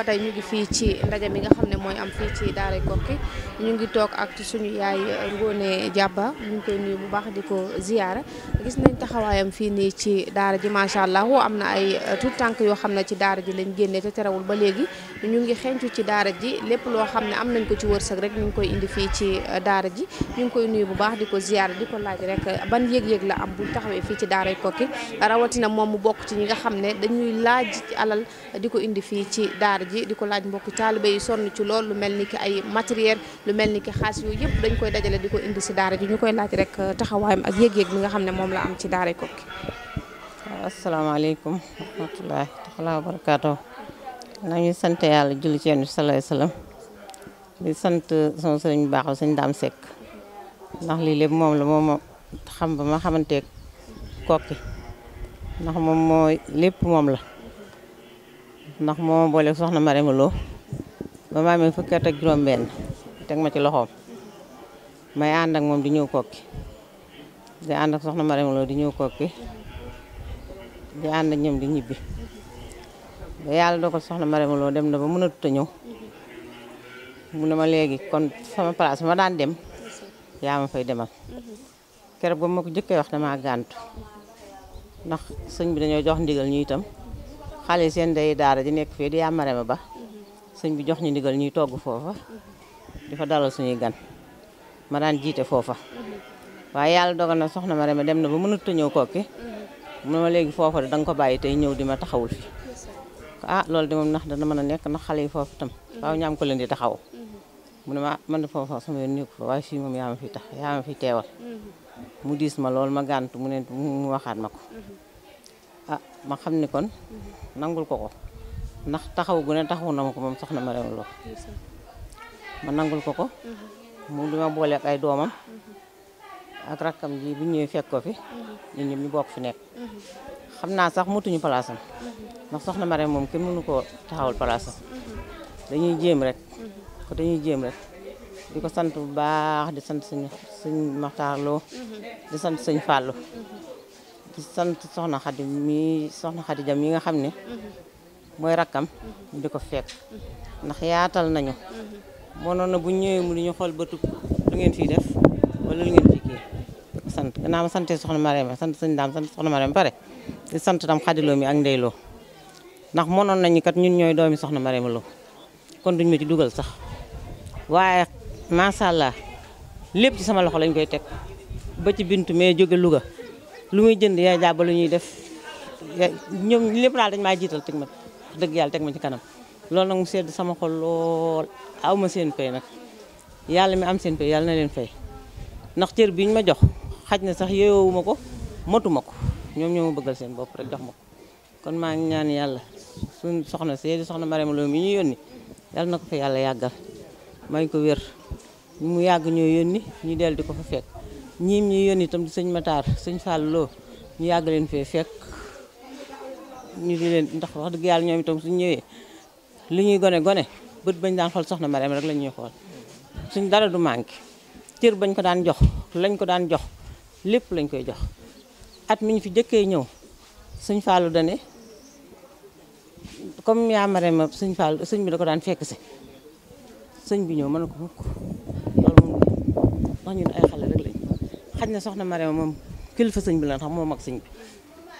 ba tey ñu ngi fii ci ndaje mi nga xam ne mooy am fii ci Daaray Koki ñu ngi toog ak suñu yaay Ngoné Jàppa ñu ngi koy nuyu bu baax di ko ziyaara gis nañ taxawaayam fii nii ci daara ji macha allah am na ay tout tànk yoo xam ne ci daara ji lañ génnee te terewul ba léegi ñu ngi xencu ci daara ji lépp loo xam ne am nañ ko ci wërsëg rek ñu ngi koy indi fii ci euh, daara ji ñu ngi koy nuyu bu baax di ko ziyaar di ko laaj rek euh, ban yëg-yëg la am bu fii ci daaray Koki rawatina moom mu bokk ci ñi nga xam ne dañuy laaj alal di ko indi fii ci daara ji di ko laaj mbokk taalibe yi sonn ci lool lu mel ni ki ay matériel lu mel ni ki xas yooyu yëpp dañ koy dajale di ko indi si daara ji ñu koy laaj rek euh, taxawaayam ak yëg-yëg bi nga xam ne moom la am ci daaray Koki. asalaamaaleykum wa rahmatullaahi taala wa barakaatu nañu sant yàlla julli ci yéen salaay salaam di sant sama sëriñ bu baax sëñ Daam Seck ndax lii lépp moom la moom xam ba ma xamanteeg kokki ndax moom moo lépp moom la ndax moom boole soxna Marème Lo ba ma amee fukki at juróom-benn teg ma ci loxoom may àndak moom di ñëw kokki di ànd ak soxna Marème Lo di ñëw kokki di ànd ak ñoom di ñibbi. ba yàlla dogal soxna Marème Lo dem na ba mënatut a ñëw mu ne ma léegi kon sama place ma daan dem yaa ma fay demal keroog ba ma ko jëkkee wax damaa gàntu ndax sëñ bi dañoo jox ndigal ñu itam xale seen day daara di nekk fii di yaa Marème ba sëñ bi jox ñu ndigal ñuy togg foofa di fa dalal suñuy ma daan jiite foofa waaye yàlla dogal na soxna Marème dem na ba mënatut a ñëw kokki mu ne ma léegi foofa da nga ko bàyyi tey ñëw di ma taxawul fi ah loolu de moom ndax dana mën a nekk ndax xale yi foofu tam waaw ñaam ko leen di taxaw mm-hmm. mu ne ma man de foofa sama yoon nekk fa waaye fii moom yaa fi tax yaa ma fi teewal mm-hmm. mu diis ma loolu ma gàntu mu ne mu waxaat ma ko mm-hmm. ah ma xam ni kon nangul ko ko ndax taxaw gu ne taxaw na ma ko moom soxna ma rew loo ma nangul ko ko mu di ma booleeg ay doomam ak rakkam ji bu ñëwee fekk ko fi mhm. ñun ñëpp ñu bokk fi nekk mhm. xam naa sax mutuñu palaasam mhm. ndax soxna Mare moom kenn mënu ko taxawal palaasam dañuy jéem rek dañuy jéem rek di ko sant bu baax di sant sëñ sëñ Maxtaar di sant sëñ Fallou di sant soxna Xadi mi soxna Xadi jam yi nga xam ne mooy rakkam ñu di ko fekk ndax yaatal nañu mënoon na bu ñëwee mu di ñu xool bëtu lu ngeen fii def wala lu ngeen fi sant gannaaw ma sante soxna Marème sant sëñ daam sant soxna Marème pare di sant tam xadiloo mi ak ndeyloo ndax mënoon nañu kat ñun ñooy doomi soxna Marème Lo kon duñ ma ci dugal sax waaye macha allah lépp ci sama loxo lañ koy teg ba ci bintu mais jóge Louga lu muy jënd yaay jàpp lu ñuy def ñoom lépp daal dañ maa jiital teg ma dëgg yàlla teg ma ci kanam loolu nag mu sedd sama xol lool aw ma seen fay nag yàlla mi am seen fay yàlla na leen xaj na sax yeewoowu ma ko matuma ko ñoom ñoo ma bëggal seen bopp rek jox ma ko kon maa ngi ñaan yàlla suñ soxna seedi soxna Marème Lo mi ñu yónni yàlla na ko fa yàlla yàggal may ko wér mu yàgg ñoo yónni ñu dellu di ko fa fekk ñiim ñii yónni itam di sëñ Matar sëñ Fall Lo ñu yàgg leen fee fekk ñu di leen ndax wax dëgg yàlla ñoom itam suñ ñëwee li ñuy gone gone bët bañ daan xool soxna Marème rek la ñuy xool suñ dara du manqué cër bañ ko daan jox lañ ko daan jox lépp lañ koy jox at mi ñu fi jëkkee ñëw sëñ Fallou dane comme yaa mare ma sëñ Fallou sëñ bi da ko daan fekk si sëñ bi ñëw mën na ko mukk loolu moom ndax ñun ay xale rek na soxna moom kilifa sëñ bi la xam moo mag sëñ bi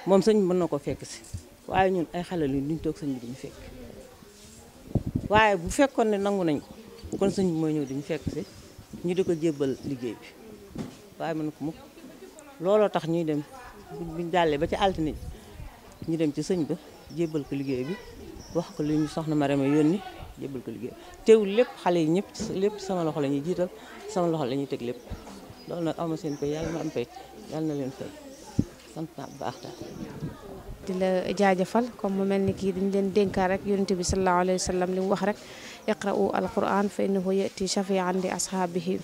moom sëñ bi mën na ko fekk si waaye ñun ay xale luñ duñ toog sëñ bi duñu fekk waaye bu fekkoon ne nangu nañ ko kon sëñ bi mooy ñëw duñu fekk si ñu di ko jébbal liggéey bi waaye mën na ko mukk looloo tax ñuy dem buñ jàllee ba ci altine ñu dem ci sëñ ba jébbal ko liggéey bi wax ko li ñu soxna Marème ni jébbal ko liggéey teewul lépp xale yi ñëpp lépp sama loxo la ñuy jiital sama loxo la ñuy teg lépp loolu nag amul seen pay yàlla ma am pay yàlla na leen fay bu baax daal di la jaajëfal comme mu mel ni kii ñu leen dénkaa rek yonente bi sallallahu alayhi wa sallam li mu wax rek iqra'u alquran fa innahu yati shafian li ashaabihi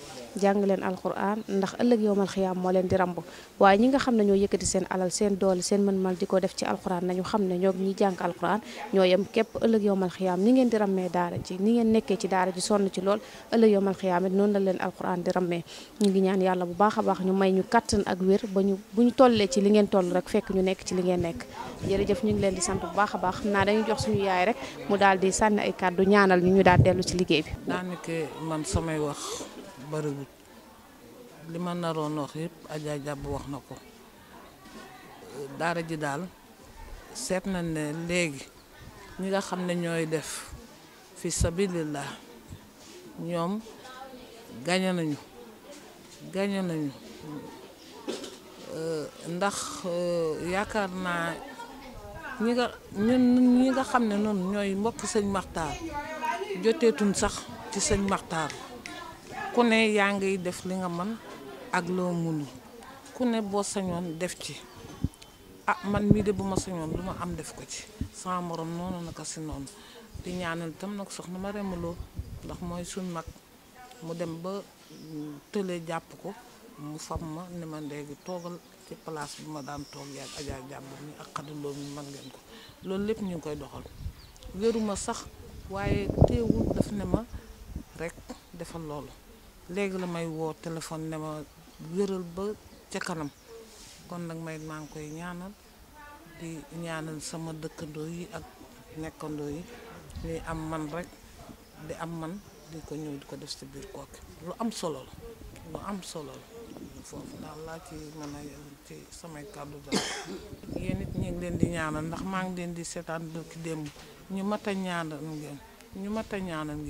jàng leen alquran ndax ëllëg yowmal xiyaam moo leen di ramb waaye ñi nga xam ne yëkkati seen alal seen doole seen mën-mën di ko def ci alquran nañu xam ne ñoo ñi jàng alquran ñoo yem képp ëllëg yowmal xiyaam ni ngeen di rammee daara ji ni ngeen nekkee ci daara ji sonn ci lool ëllëg yowmal xiyaam it noonu la leen alquran di rammee ñu ngi ñaan yàlla bu baax a baax ñu may ñu kattan ak wér ba ñu bu ñu tollee ci li ngeen toll rek fekk ñu nekk ci li ngeen nekk jërëjëf ñu ngi leen di sant bu baax a baax xam naa dañuy jox suñu yaay rek mu daal di sànni ay kàddu ñaanal ñu ñu daal dellu ci liggéey bi. daanaka man samay wax bariwul li ma naroon wax yëpp Adja Jàbb wax na ko daara ji daal seet na ne léegi ñi nga xam ne ñooy def fi sabilillah ñoom gañe nañu gañe nañu ndax euh, yaakaar naa. ñi nga nga xam ne noonu ñooy mbokk sëñ Maxtaar joteetuñ sax ci sëñ Maxtaar ku ne yaa ngiy def li nga man ak loo mënul ku ne boo sañoon def ci ah man mii de bu ma sañoon lu ma am def ko ci sama morom noonu naka si noonu di ñaanal itam nag soxna ma remaloo ndax mooy suñ mag mu dem ba tële jàpp ko mu fam ma ne ma léegi toogal ci place bi ma daan toog yaag Adja Diallo mi ak xadaloo mi ma ngeen ko loolu lépp ñu ngi koy doxal wéruma sax waaye teewul daf ne ma rekk defal loolu léegi la may woo téléphone ne ma wéral ba ca kanam kon nag may maa ngi koy ñaanal di ñaanal sama dëkkandoo yi ak nekkandoo yi ñuy am man rek di am man di ko ñëw di ko def ci biir kooki lu am solo la lu am solo la foofu daal laa ci mën a ci samay kàddu daal yéen it ñu leen di ñaanal ndax maa ngi leen di seetaan ki démb ñu mat a ñaanal ngeen ñu a ngeen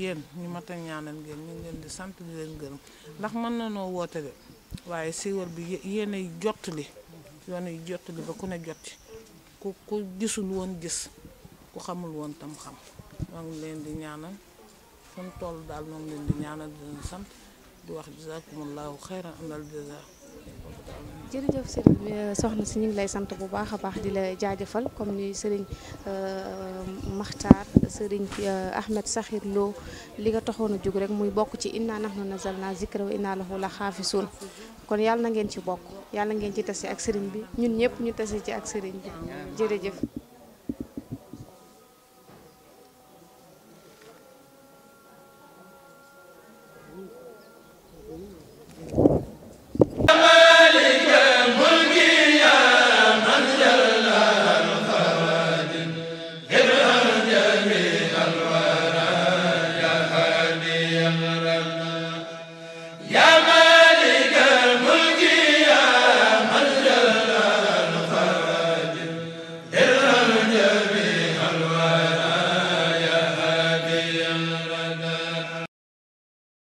yéen ñu mat a ñaanal ngeen ñu ngi leen di sant di leen gërëm ndax mën na noo woote de waaye siiwal bi yéen ay jottali yoon ay jottali ba ku ne jot ci ku ku gisul woon gis ku xamul woon tam xam ñoo leen di ñaanal fu mu daal ñoo leen di ñaanal di sant di wax jazakumullahu xayran amal jaza jërëjëf sëriñ bi euh, soxna si ñu lay sant bu baax a baax di la jaajëfal comme ni sëriñ euh, Maxtaar sëriñ euh, Ahmed saxiir Lo li nga taxoon a jug rek muy bokk ci inna nahnu nazalna zikra wa inna lahu la xaafisun kon yàlla na ngeen ci bokk yàlla na ngeen ci tase ak sëriñ bi ñun ñëpp ñu tase ci ak sëriñ bi jërëjëf يا